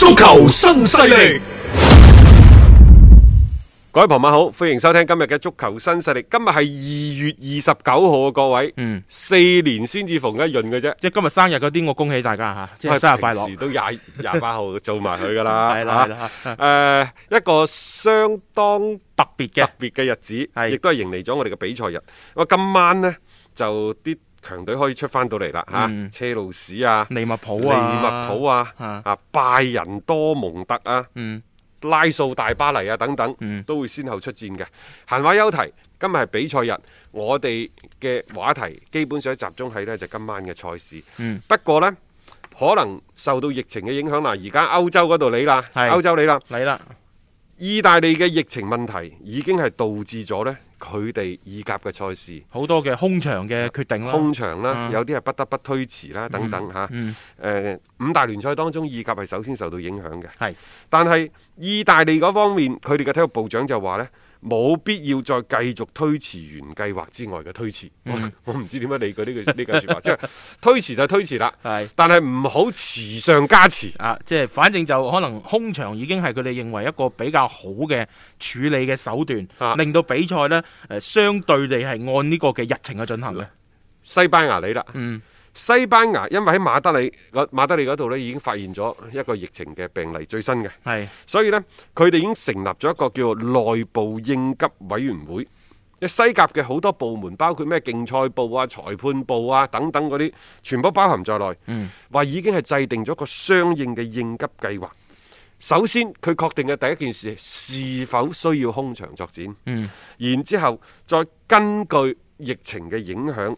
足球新勢力，各位朋友好，歡迎收聽今日嘅足球新勢力。今日係二月二十九號啊，各位，嗯，四年先至逢一閏嘅啫。即係今日生日嗰啲，我恭喜大家吓，即係生日快樂時，都廿廿八號做埋佢噶啦，係啦，係啦，誒，一個相當特別嘅特別嘅日子，亦都係迎嚟咗我哋嘅比賽日。我今晚呢就啲。強隊可以出翻到嚟啦，吓、嗯，車路士啊，利物浦啊，利物浦啊，啊，拜仁多蒙特啊，嗯、拉素大巴黎啊，等等，嗯、都會先後出戰嘅。閒話休提，今日係比賽日，我哋嘅話題基本上集中喺呢就今晚嘅賽事，嗯、不過呢，可能受到疫情嘅影響啦，而家歐洲嗰度嚟啦，係歐是洲嚟啦，嚟啦了，意大利嘅疫情問題已經係導致咗呢。佢哋意甲嘅賽事，好多嘅空場嘅決定啦，空場啦，啊、有啲係不得不推遲啦等等嚇。誒、嗯嗯啊、五大聯賽當中意甲係首先受到影響嘅，係是。但係意大利嗰方面，佢哋嘅體育部長就話呢。冇必要再繼續推遲原計劃之外嘅推遲，嗯、我唔知點解理解呢句呢句説話， 即係推遲就推遲啦。是但係唔好遲上加遲啊！即係反正就可能空場已經係佢哋認為一個比較好嘅處理嘅手段，啊、令到比賽呢誒、呃、相對地係按呢個嘅日程去進行嘅。西班牙嚟啦。嗯西班牙因為喺馬德里個馬德里嗰度咧，已經發現咗一個疫情嘅病例最新嘅，係是所以呢，佢哋已經成立咗一個叫做內部應急委員會。西甲嘅好多部門，包括咩競賽部啊、裁判部啊等等嗰啲，全部包含在內，話、嗯、已經係制定咗一個相應嘅應急計劃。首先佢確定嘅第一件事是否需要空場作戰，嗯、然之後再根據疫情嘅影響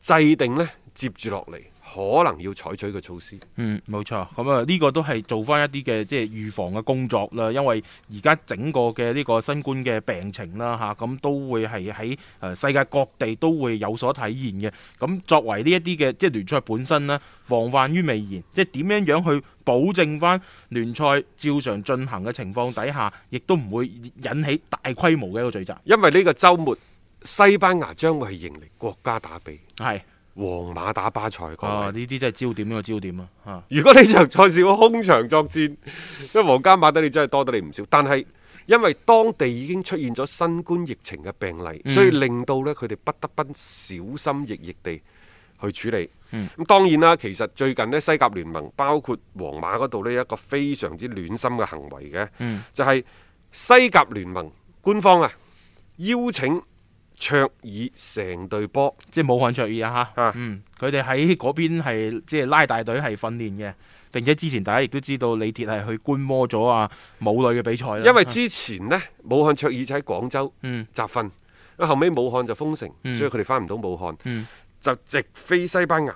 制定呢。接住落嚟，可能要採取嘅措施。嗯，冇錯，咁啊，呢、這個都係做翻一啲嘅即係預防嘅工作啦。因為而家整個嘅呢個新冠嘅病情啦，吓、啊，咁都會係喺誒世界各地都會有所體現嘅。咁作為呢一啲嘅即係聯賽本身啦，防患於未然，即係點樣樣去保證翻聯賽照常進行嘅情況底下，亦都唔會引起大規模嘅一個聚集。因為呢個周末西班牙將會係迎嚟國家打比。係。皇馬打巴塞，呢啲真係焦點呢、呢個焦點啊！如果呢場賽事我空場作戰，因為皇家馬德里真係多得你唔少。但係因為當地已經出現咗新冠疫情嘅病例，所以令到呢，佢哋不得不小心翼翼地去處理。咁、嗯、當然啦，其實最近呢，西甲聯盟包括皇馬嗰度呢，一個非常之暖心嘅行為嘅，嗯、就係西甲聯盟官方啊邀請。爾隊卓爾成隊波，即係武漢卓爾啊！吓，嗯，佢哋喺嗰邊係即係拉大隊係訓練嘅，並且之前大家亦都知道李鐵係去觀摩咗啊武磊嘅比賽啦。因為之前呢，啊、武漢卓爾就喺廣州集訓，啊、嗯、後尾武漢就封城，嗯、所以佢哋翻唔到武漢，嗯、就直飛西班牙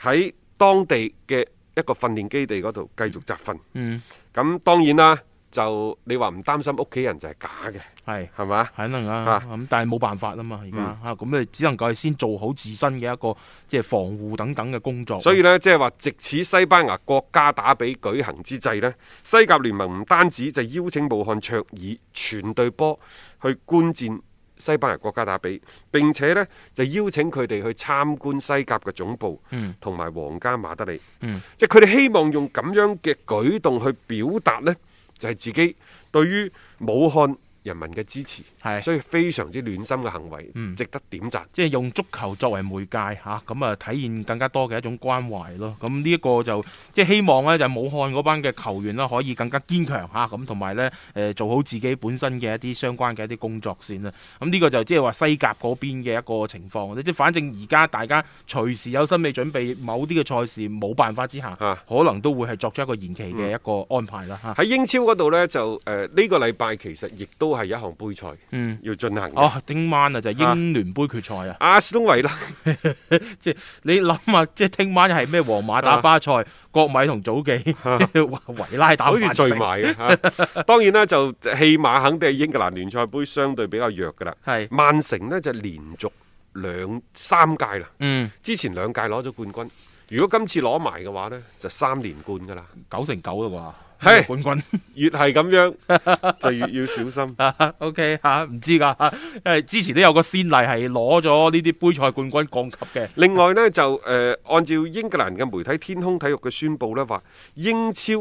喺當地嘅一個訓練基地嗰度繼續集訓。嗯，咁、嗯嗯、當然啦。就你話唔擔心屋企人就係假嘅，係係嘛，吧可能啊咁，啊但係冇辦法啊嘛，而家吓咁咪只能夠係先做好自身嘅一個即係、就是、防護等等嘅工作。所以咧，即係話，藉此西班牙國家打比舉行之際咧，西甲聯盟唔單止就邀請武漢卓爾全隊波去觀戰西班牙國家打比，並且咧就邀請佢哋去參觀西甲嘅總部嗯，嗯，同埋皇家馬德里，嗯，即係佢哋希望用咁樣嘅舉動去表達咧。就係自己對於武漢。人民嘅支持，係所以非常之暖心嘅行為，為，值得點讚、嗯，即係用足球作為媒介吓，咁啊體現更加多嘅一種關懷咯。咁呢一個就即係、就是、希望咧，就武漢嗰班嘅球員啦，可以更加堅強吓，咁同埋咧誒做好自己本身嘅一啲相關嘅一啲工作先啦。咁、啊、呢、嗯這個就即係話西甲嗰邊嘅一個情況咧，即係反正而家大家隨時有心理準備某啲嘅賽事，冇辦法之下，啊、可能都會係作出一個延期嘅一個安排啦。吓、啊，喺、嗯、英超嗰度咧就誒呢、呃這個禮拜其實亦都。都係一項杯賽，嗯，要進行哦。聽晚啊，就係英聯杯決賽啊。阿斯東維拉，即係你諗下，即係聽晚係咩？皇馬打巴塞，國米同祖記維拉打，好似聚埋嘅。當然啦，就起碼肯定係英格蘭聯賽杯相對比較弱噶啦。係曼城呢，就連續兩三屆啦。嗯，之前兩屆攞咗冠軍，如果今次攞埋嘅話呢，就三連冠噶啦。九成九啦嘛。係冠軍，越係咁樣 就越，越要小心。 OK 吓、啊，唔知噶吓，因、啊、為之前都有個先例係攞咗呢啲杯賽冠軍降級嘅。 另外呢，就誒、呃，按照英格蘭嘅媒體天空體育嘅宣布呢，話英超。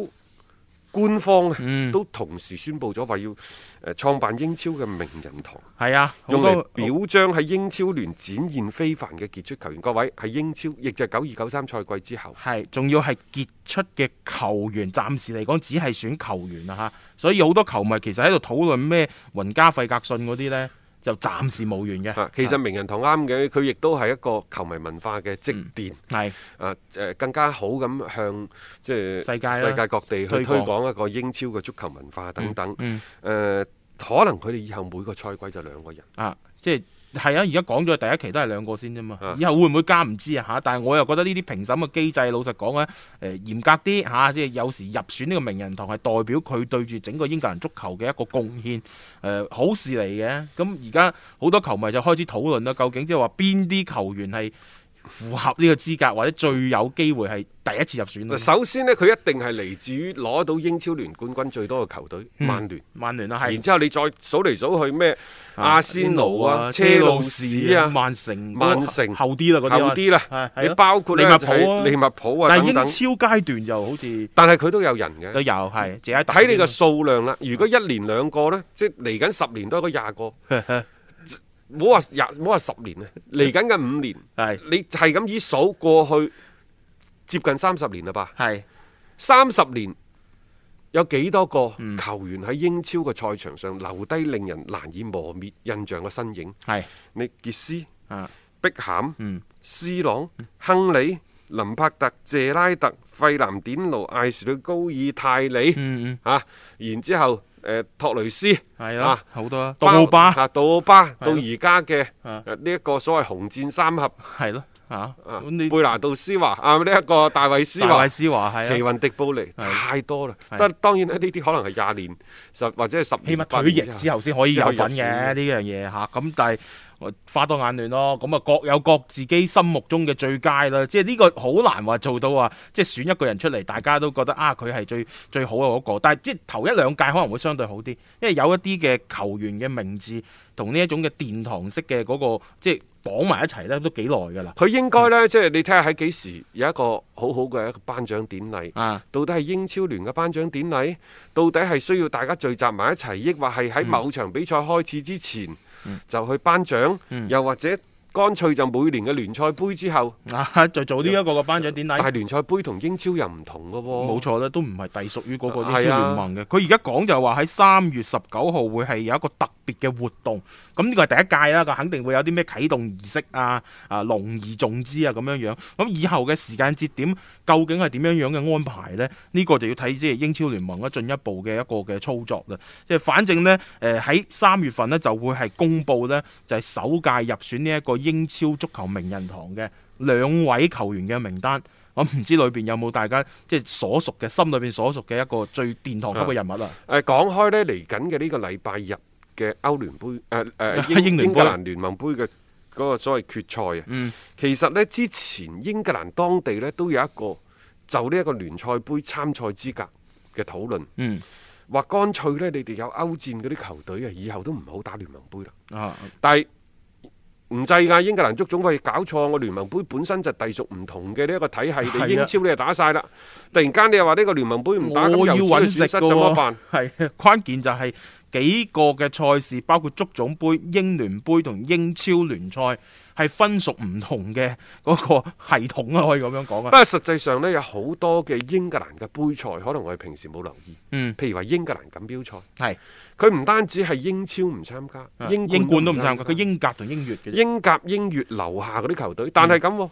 官方都同時宣布咗話要誒創辦英超嘅名人堂，係啊，用嚟表彰喺英超聯展現非凡嘅傑出球員。各位喺英超，亦就係九二九三賽季之後，係仲要係傑出嘅球員。暫時嚟講，只係選球員啦嚇，所以好多球迷其實喺度討論咩雲加費格遜嗰啲呢。就暫時冇完嘅、啊。其實名人堂啱嘅，佢亦都係一個球迷文化嘅積澱。係啊、嗯呃呃，更加好咁向即係、呃、世，世界各地去推廣一個英超嘅足球文化等等。誒、嗯嗯呃，可能佢哋以後每個賽季就兩個人啊，即係啊，而家講咗第一期都係兩個先啫嘛，以後會唔會加唔知啊嚇？但係我又覺得呢啲評審嘅機制，老實講咧，誒嚴格啲嚇，即係有時入選呢個名人堂係代表佢對住整個英格蘭足球嘅一個貢獻，誒好事嚟嘅。咁而家好多球迷就開始討論啦，究竟即係話邊啲球員係？符合呢個資格或者最有機會係第一次入選。首先呢，佢一定係嚟自於攞到英超聯冠軍最多嘅球隊，曼聯。曼聯啊，係。然之後你再數嚟數去咩？阿仙奴啊，車路士啊，曼城，曼城後啲啦，嗰啲啦。你包括利物浦，利物浦啊。但係英超階段又好似，但係佢都有人嘅，都有係。睇你個數量啦，如果一年兩個呢，即係嚟緊十年都係個廿個。冇好話廿，唔好話十年啊！嚟緊嘅五年，係是你係咁以數過去接近三十年啦吧？係三十年有幾多個球員喺英超嘅賽場上留低令人難以磨滅印象嘅身影？係是你傑斯啊，碧咸，斯朗，嗯、亨利，林柏特，謝拉特，費南典奴、艾殊里，高爾，泰里，嗯,嗯、啊、然之後。誒托雷斯係啦，好多的啊，杜奧巴啊，杜奧巴的到而家嘅呢一個所謂紅箭三俠，係咯的。吓，你貝拿杜斯華啊，呢一個大衛斯華斯華，奇雲迪布尼太多啦，得當然呢啲可能係廿年實或者係十起碼退役之後先可以有份嘅呢樣嘢吓，咁但係花多眼亂咯，咁啊各有各自己心目中嘅最佳啦，即係呢個好難話做到啊，即係選一個人出嚟，大家都覺得啊佢係最最好嘅嗰個，但係即係頭一兩屆可能會相對好啲，因為有一啲嘅球員嘅名字同呢一種嘅殿堂式嘅嗰個即係。綁埋一齊咧，都幾耐噶啦。佢應該呢，嗯、即係你睇下喺幾時有一個好好嘅一個頒獎典禮。啊，到底係英超聯嘅頒獎典禮，到底係需要大家聚集埋一齊，抑或係喺某場比賽開始之前、嗯、就去頒獎？嗯、又或者乾脆就每年嘅聯賽杯之後就、啊、 做呢一個嘅頒獎典禮。但係聯賽杯同英超又唔同㗎喎。冇錯啦，都唔係隸屬於嗰個英超聯盟嘅。佢而家講就話喺三月十九號會係有一個特。別嘅活動，咁呢個係第一屆啦，佢肯定會有啲咩啟動儀式啊，啊，隆而重之啊，咁樣樣。咁以後嘅時間節點究竟係點樣樣嘅安排呢？呢、呢個就要睇即係英超聯盟進一步嘅一個嘅操作啦。即係反正呢，誒喺三月份呢就會係公布呢，就係首屆入選呢一個英超足球名人堂嘅兩位球員嘅名單。我唔知裏邊有冇大家即係所熟嘅，心裏邊所熟嘅一個最殿堂級嘅人物啊？誒、啊，講開呢，嚟緊嘅呢個禮拜日。嘅歐聯杯，誒誒英格蘭聯盟杯嘅嗰個所謂決賽啊，嗯、其實呢，之前英格蘭當地呢都有一個就呢一個聯賽杯參賽資格嘅討論，話、嗯、乾脆呢，你哋有歐戰嗰啲球隊啊，以後都唔好打聯盟杯啦。啊、但係，唔制噶、啊，英格蘭足總佢搞錯，我聯盟杯本身就隸屬唔同嘅呢一個體系，是的 你英超你就打晒啦，突然間你又話呢個聯盟杯唔打咁又搵食嘅喎，係要 關鍵就係、是、幾個嘅賽事，包括足總杯、英聯杯同英超聯賽。係分屬唔同嘅嗰個系統啊，可以咁樣講啊。不過實際上呢，有好多嘅英格蘭嘅杯賽，可能我哋平時冇留意。嗯，譬如話英格蘭錦標賽，係佢唔單止係英超唔參加，英冠都唔參加，佢、嗯、英甲同英乙嘅。英甲、英乙留下嗰啲球隊，但係咁，嗯、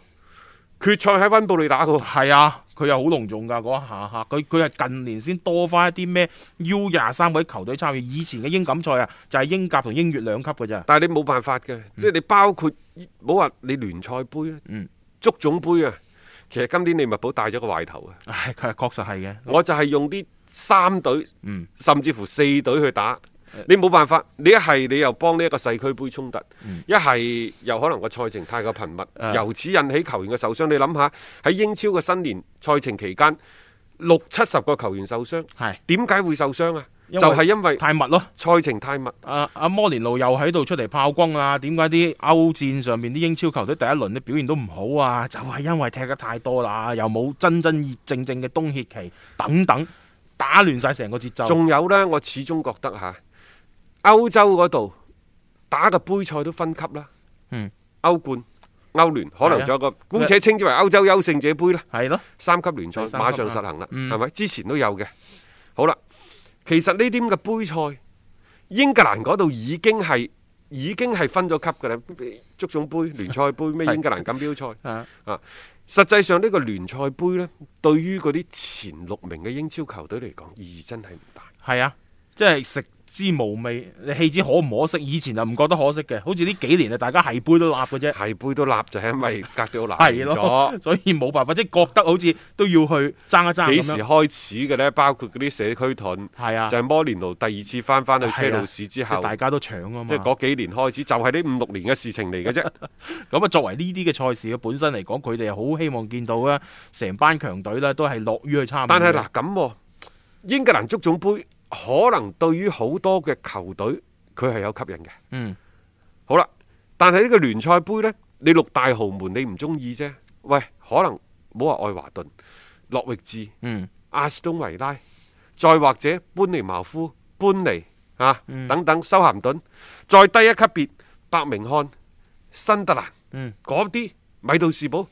決賽喺温布利打嘅。係啊。佢又好隆重噶嗰一下嚇，佢佢係近年先多翻一啲咩 U 廿三位球隊參與。以前嘅英錦賽啊，就係、是、英甲同英乙兩級嘅咋。但係你冇辦法嘅，嗯、即係你包括冇話你聯賽杯啊，足、嗯、總杯啊，其實今年利物浦帶咗個壞頭啊。係、哎，佢係確實係嘅。我就係用啲三隊，嗯、甚至乎四隊去打。你冇辦法，你一係你又幫呢一個世俱杯衝突，嗯、一係又可能個賽程太過頻密，呃、由此引起球員嘅受傷。你諗下喺英超嘅新年賽程期間，六七十個球員受傷，係點解會受傷啊？就係因為太密咯，賽程太密。太密啊，阿、啊、摩連奴又喺度出嚟炮轟啊！點解啲歐戰上面啲英超球隊第一輪你表現都唔好啊？就係、是、因為踢得太多啦，又冇真真正正嘅冬歇期，等等，打亂晒成個節奏。仲有呢，我始終覺得吓。歐洲嗰度打嘅杯賽都分級啦，嗯，歐冠、歐聯可能仲有個姑、啊、且稱之為歐洲優勝者杯啦，係咯、啊，三級聯賽馬上實行啦，係咪、啊嗯？之前都有嘅，好啦，其實呢啲咁嘅杯賽，英格蘭嗰度已經係已經係分咗級嘅啦，足總杯、聯賽杯咩英格蘭錦標賽啊，啊，實際上呢個聯賽杯呢，對於嗰啲前六名嘅英超球隊嚟講，意義真係唔大，係啊，即係食。知無味，你棄之可唔可惜？以前就唔覺得可惜嘅，好似呢幾年啊，大家係杯都立嘅啫。係杯都立，就係因為格立，難咗，所以冇辦法即係覺得好似都要去爭一爭咁樣。幾時開始嘅咧？包括嗰啲社區盾，係啊，就係摩連奴第二次翻翻去車路士之後，啊、即係大家都搶啊嘛。即係嗰幾年開始，就係、是、呢五六年嘅事情嚟嘅啫。咁啊，作為呢啲嘅賽事嘅本身嚟講，佢哋好希望見到啊，成班強隊咧都係樂於去參。但係嗱咁，英格蘭足總杯。可能對於好多嘅球隊，佢係有吸引嘅。嗯，好啦，但係呢個聯賽杯呢，你六大豪門你唔中意啫。喂，可能冇話愛華頓、諾域治、嗯、阿士東維拉，再或者班尼茅夫、班尼啊、嗯、等等，修咸頓，再低一級別，白明漢、新德蘭，嗯，嗰啲米杜士堡。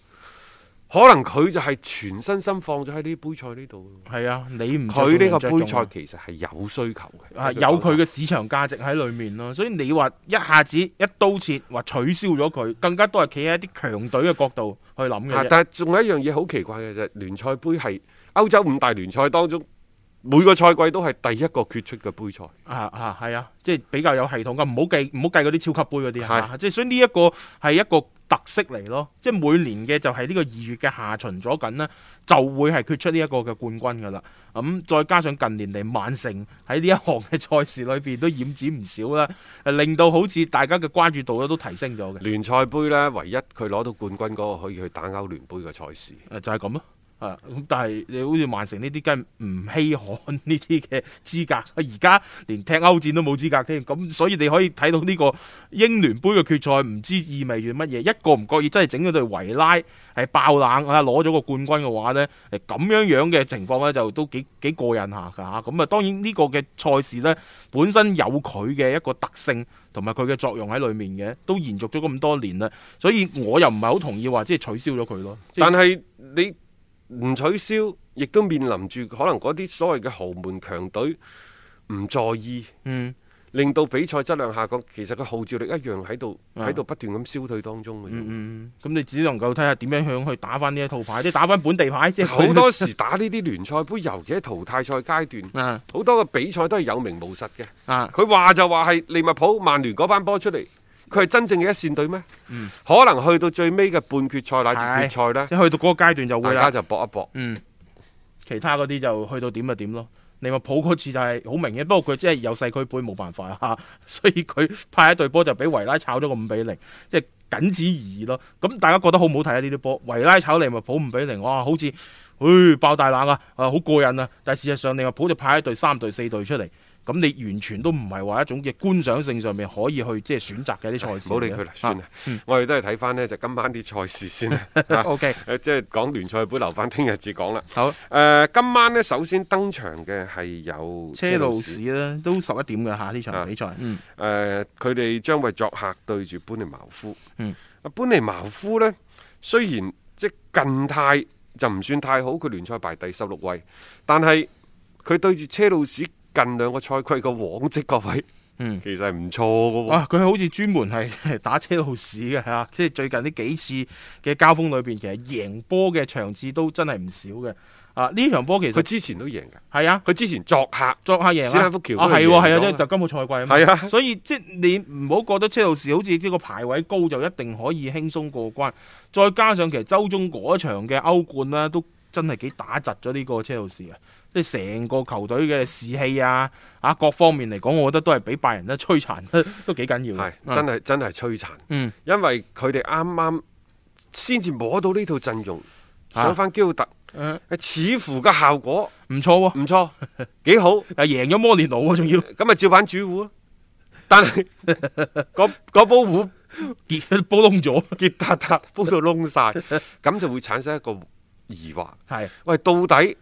可能佢就係全身心放咗喺呢啲杯賽呢度咯。係啊，你唔覺得佢呢個杯賽其實係有需求嘅，啊有佢嘅市場價值喺裏面咯。所以你話一下子一刀切話取消咗佢，更加都係企喺一啲強隊嘅角度去諗嘅，啊。但係仲有一樣嘢好奇怪嘅就係聯賽杯係歐洲五大聯賽當中每個賽季都係第一個決出嘅杯賽，啊。啊啊，係啊，即係比較有系統嘅，唔好計唔好計嗰啲超級杯嗰啲是啊。即係所以呢一個係一個。特色嚟咯，即係每年嘅就係呢個二月嘅下旬咗緊咧，就會係決出呢一個嘅冠軍噶啦。咁再加上近年嚟曼城喺呢一項嘅賽事裏邊都染指唔少啦，令到好似大家嘅關注度咧都提升咗嘅聯賽杯呢，唯一佢攞到冠軍嗰個可以去打歐聯杯嘅賽事，呃，就係咁咯。啊，但係你好似曼城呢啲，梗係唔稀罕呢啲嘅資格，而家連踢歐戰都冇資格添。咁、啊、所以你可以睇到呢個英聯杯嘅決賽，唔知意味住乜嘢？一個唔覺意真係整咗隊維拉係爆冷啊，攞咗個冠軍嘅話呢，咁、啊、樣樣嘅情況呢，就都幾幾過癮下㗎嚇。咁啊，啊，當然呢個嘅賽事呢，本身有佢嘅一個特性同埋佢嘅作用喺裏面嘅，都延續咗咁多年啦。所以我又唔係好同意話即係取消咗佢咯。但係你。唔取消，亦都面臨住可能嗰啲所謂嘅豪門強隊唔在意，嗯，令到比賽質量下降。其實個號召力一樣喺度喺度不斷咁消退當中嘅、嗯。嗯嗯，咁你只能夠睇下點樣向佢打返呢一套牌，即係打返本地牌。即係好多時打呢啲聯賽杯，尤其係淘汰賽階段，好、啊、多嘅比賽都係有名無實嘅。佢、啊、話就話係利物浦、曼聯嗰班波出嚟。佢係真正嘅一線隊咩？嗯，可能去到最尾嘅半決賽乃至、啊、決賽咧，即去到嗰個階段就會啦，就搏一搏。嗯，其他嗰啲就去到點就點咯。嗯、利物浦嗰次就係好明顯，不過佢真係有世俱杯冇辦法嚇、啊，所以佢派一隊波就俾維拉炒咗個五比零，即係僅此而已咯。咁大家覺得好唔好睇啊？呢啲波維拉炒嚟利物浦五比零，哇，好似，唉、哎，爆大冷啊！啊，好過癮啊！但係事實上利物浦就派一隊、三隊、四隊出嚟。咁你完全都唔係話一種嘅觀賞性上面可以去即係選擇嘅啲賽事，冇理佢啦，算啦。我哋都係睇翻呢，就今晚啲賽事先 O okay K、啊、即係講聯賽杯留翻聽日至講啦。好誒、呃，今晚呢，首先登場嘅係有車路士啦，都十一點嘅。下呢場比賽。誒、啊，佢哋將會作客對住搬尼茅夫。嗯，阿搬尼茅夫呢，雖然即係近太就唔算太好，佢聯賽排第十六位，但係佢對住車路士。近兩個賽季嘅往績各位，嗯，其實唔錯嘅。哇，佢好似專門係打車路士嘅吓、啊，即係最近呢幾次嘅交鋒裏邊，其實贏波嘅場次都真係唔少嘅。啊，呢場波其實佢之前都贏嘅。係啊，佢之前作客作客贏史丹福橋啊，係係啊，即係就今個賽季啊，係啊。所以即係你唔好覺得車路士好似呢個排位高就一定可以輕鬆過關。再加上其實周中嗰場嘅歐冠啦、啊，都真係幾打窒咗呢個車路士嘅。即係成個球隊嘅士氣啊！啊，各方面嚟講，我覺得都係俾拜仁咧摧殘，都幾緊要。係真係真係摧殘。嗯，因為佢哋啱啱先至摸到呢套陣容，想翻基奧特，啊、似乎嘅效果唔錯喎，唔錯，幾好，又贏咗摩連奴啊，仲要咁啊，照版主戶咯。但係嗰嗰煲糊跌，煲窿咗，跌塌塌，煲到窿晒，咁就會產生一個疑惑。係、啊、喂，到底？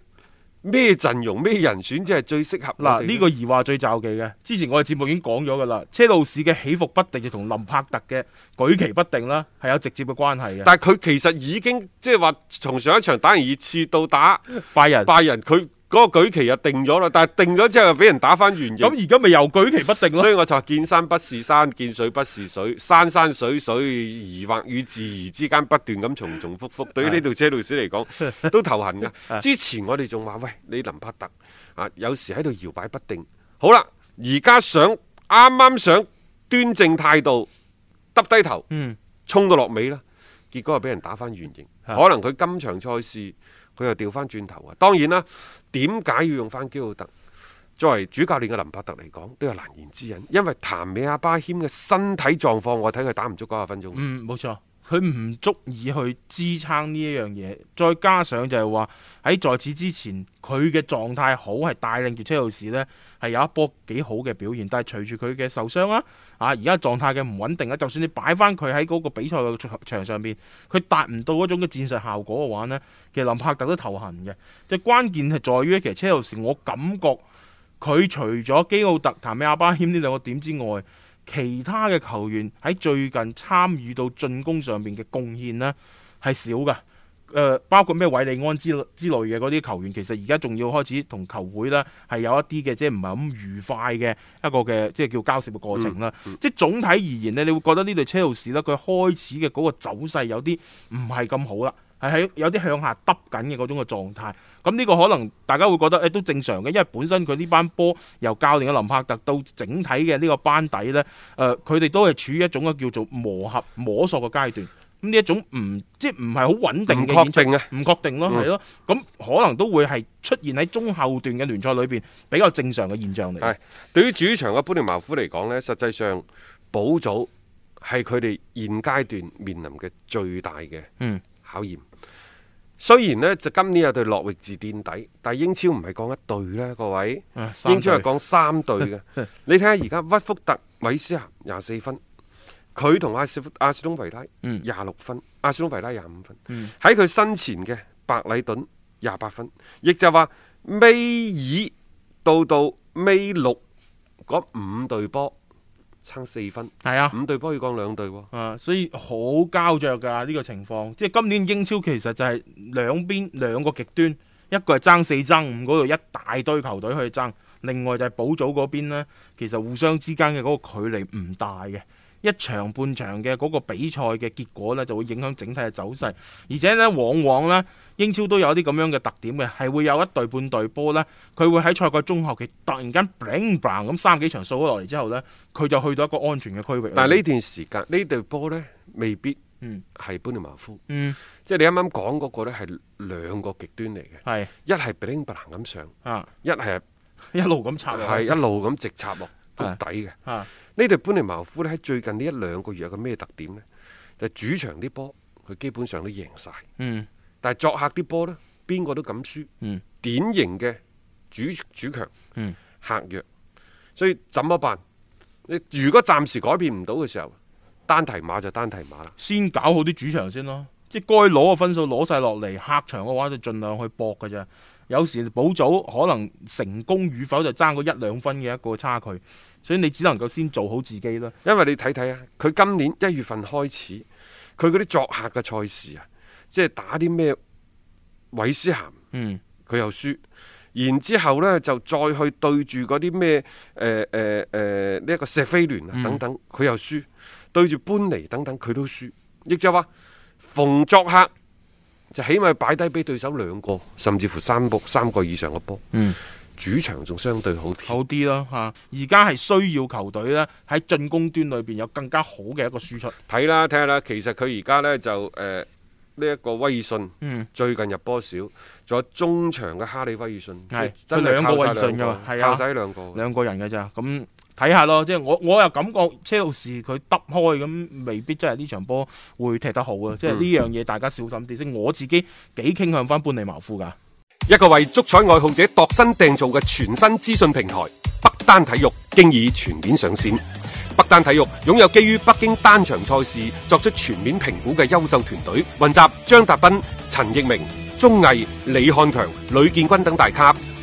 咩陣容咩人選即係最適合嗱？呢個而話最罩忌嘅。之前我哋節目已經講咗㗎喇，車路士嘅起伏不定就同林柏特嘅舉棋不定啦，係 有直接嘅關係嘅。但係佢其實已經即係話從上一場打完熱刺到打拜仁人，拜仁佢。嗰個舉旗又定咗啦，但係定咗之後又俾人打翻原形，咁而家咪又舉棋不定咯。所以我就話見山不是山，見水不是水，山山水水疑惑與自疑之間不斷咁重重複複。 對於呢度車路士嚟講 都頭痕噶。之前我哋仲話喂，你林柏特啊，有時喺度搖擺不定。好啦，而家想啱啱想端正態度，耷低頭，嗯，衝到落尾啦，結果又俾人打翻原形。 可能佢今場賽事。佢又調翻轉頭啊！當然啦，點解要用翻基奧特作為主教練嘅林柏特嚟講，都有難言之隱。因為譚美阿巴謙嘅身體狀況，我睇佢打唔足九十分鐘。嗯，冇錯。佢唔足以去支撐呢一樣嘢，再加上就係話喺在此之前佢嘅狀態好係帶領住車路士呢係有一波幾好嘅表現，但係隨住佢嘅受傷啦、啊，啊而家狀態嘅唔穩定啦、啊，就算你擺翻佢喺嗰個比賽嘅場上邊，佢達唔到嗰種嘅戰術效果嘅話呢，其實林柏特都頭痕嘅。即係關鍵係在於，其實車路士我感覺佢除咗基奧特、譚美亞巴謙呢兩個點之外。其他嘅球員喺最近參與到進攻上面嘅貢獻呢係少嘅，誒、呃、包括咩韋利安之之類嘅嗰啲球員，其實而家仲要開始同球會呢係有一啲嘅，即係唔係咁愉快嘅一個嘅即係叫交涉嘅過程啦。嗯嗯、即係總體而言呢，你會覺得呢隊車路士呢，佢開始嘅嗰個走勢有啲唔係咁好啦。係喺有啲向下耷緊嘅嗰種嘅狀態，咁呢個可能大家會覺得誒、欸、都正常嘅，因為本身佢呢班波由教練嘅林柏特到整體嘅呢個班底呢，誒佢哋都係處於一種叫做磨合、摸索嘅階段，咁呢一種唔即係唔係好穩定嘅，唔確定唔確定咯，係咯、嗯，咁可能都會係出現喺中後段嘅聯賽裏邊比較正常嘅現象嚟。係對於主場嘅般尼茅夫嚟講呢，實際上保組係佢哋現階段面臨嘅最大嘅，嗯。考驗，雖然呢，就今年有對諾域治墊底，但係英超唔係講一隊呢。各位，英超係講三隊嘅。你睇下而家屈福特、韋斯咸廿四分，佢同阿、阿斯、阿斯東維拉廿六分，阿斯東維拉廿五分，喺佢身前嘅白禮頓廿八分，亦就話尾二到到尾六嗰五隊波。爭四分係啊，五隊波要講兩隊喎，啊，所以好膠着噶呢個情況，即係今年英超其實就係兩邊兩個極端，一個係爭四爭五嗰度一大堆球隊去爭，另外就係保組嗰邊呢，其實互相之間嘅嗰個距離唔大嘅。一場半場嘅嗰個比賽嘅結果咧，就會影響整體嘅走勢。而且咧，往往咧英超都有啲咁樣嘅特點嘅，係會有一隊半隊波咧，佢會喺賽季中後期突然間 bling bang 咁三幾場掃咗落嚟之後咧，佢就去到一個安全嘅區域。但係呢段時間呢隊波咧未必，嗯，嗯，係般尼茅夫，嗯是，即係你啱啱講嗰個咧係兩個極端嚟嘅，係一係 bling bang 咁上，一係是是 一路咁插落，係一路咁直插落到底嘅。呢對本尼茅夫咧喺最近呢一兩個月有個咩特點呢？就係主場啲波佢基本上都贏晒。嗯，但係作客啲波呢，邊個都敢輸，嗯，典型嘅主主強，嗯，客弱，所以怎麼辦？你如果暫時改變唔到嘅時候，單提馬就單提馬啦，先搞好啲主場先咯，即係該攞嘅分數攞晒落嚟，客場嘅話就盡量去搏㗎啫。有時保組可能成功與否就爭嗰一兩分嘅一個差距，所以你只能夠先做好自己啦。因為你睇睇啊，佢今年一月份開始，佢嗰啲作客嘅賽事啊，即係打啲咩韋斯咸，嗯，佢又輸，嗯、然之後呢，就再去對住嗰啲咩誒誒誒呢一個錫菲聯啊等等，佢、嗯、又輸，對住般尼等等佢都輸，亦即係話逢作客。就起碼擺低俾對手兩個，甚至乎三個三個以上嘅波。嗯，主場仲相對好啲。好啲咯嚇，而家係需要球隊咧喺進攻端裏邊有更加好嘅一個輸出。睇啦，睇下啦，其實佢而家咧就誒呢一個威爾遜，嗯，最近入波少，仲有中場嘅哈利威爾遜，係佢、嗯、是兩個威爾遜㗎嘛，靠曬兩個，啊、兩個，兩個人嘅咋咁。嗯睇下咯，即係、就是、我我又感覺車路士佢揼開咁，未必真係呢場波會踢得好啊！嗯、即係呢樣嘢大家小心啲先。就是、我自己幾傾向返半利茅夫㗎。一個為足彩愛好者度身訂造嘅全新資訊平台北單體育，經已全面上線。北單體育擁有基於北京單場賽事作出全面評估嘅優秀團隊，雲集張達斌、陳奕明、鍾毅、李漢強、呂建軍等大咖。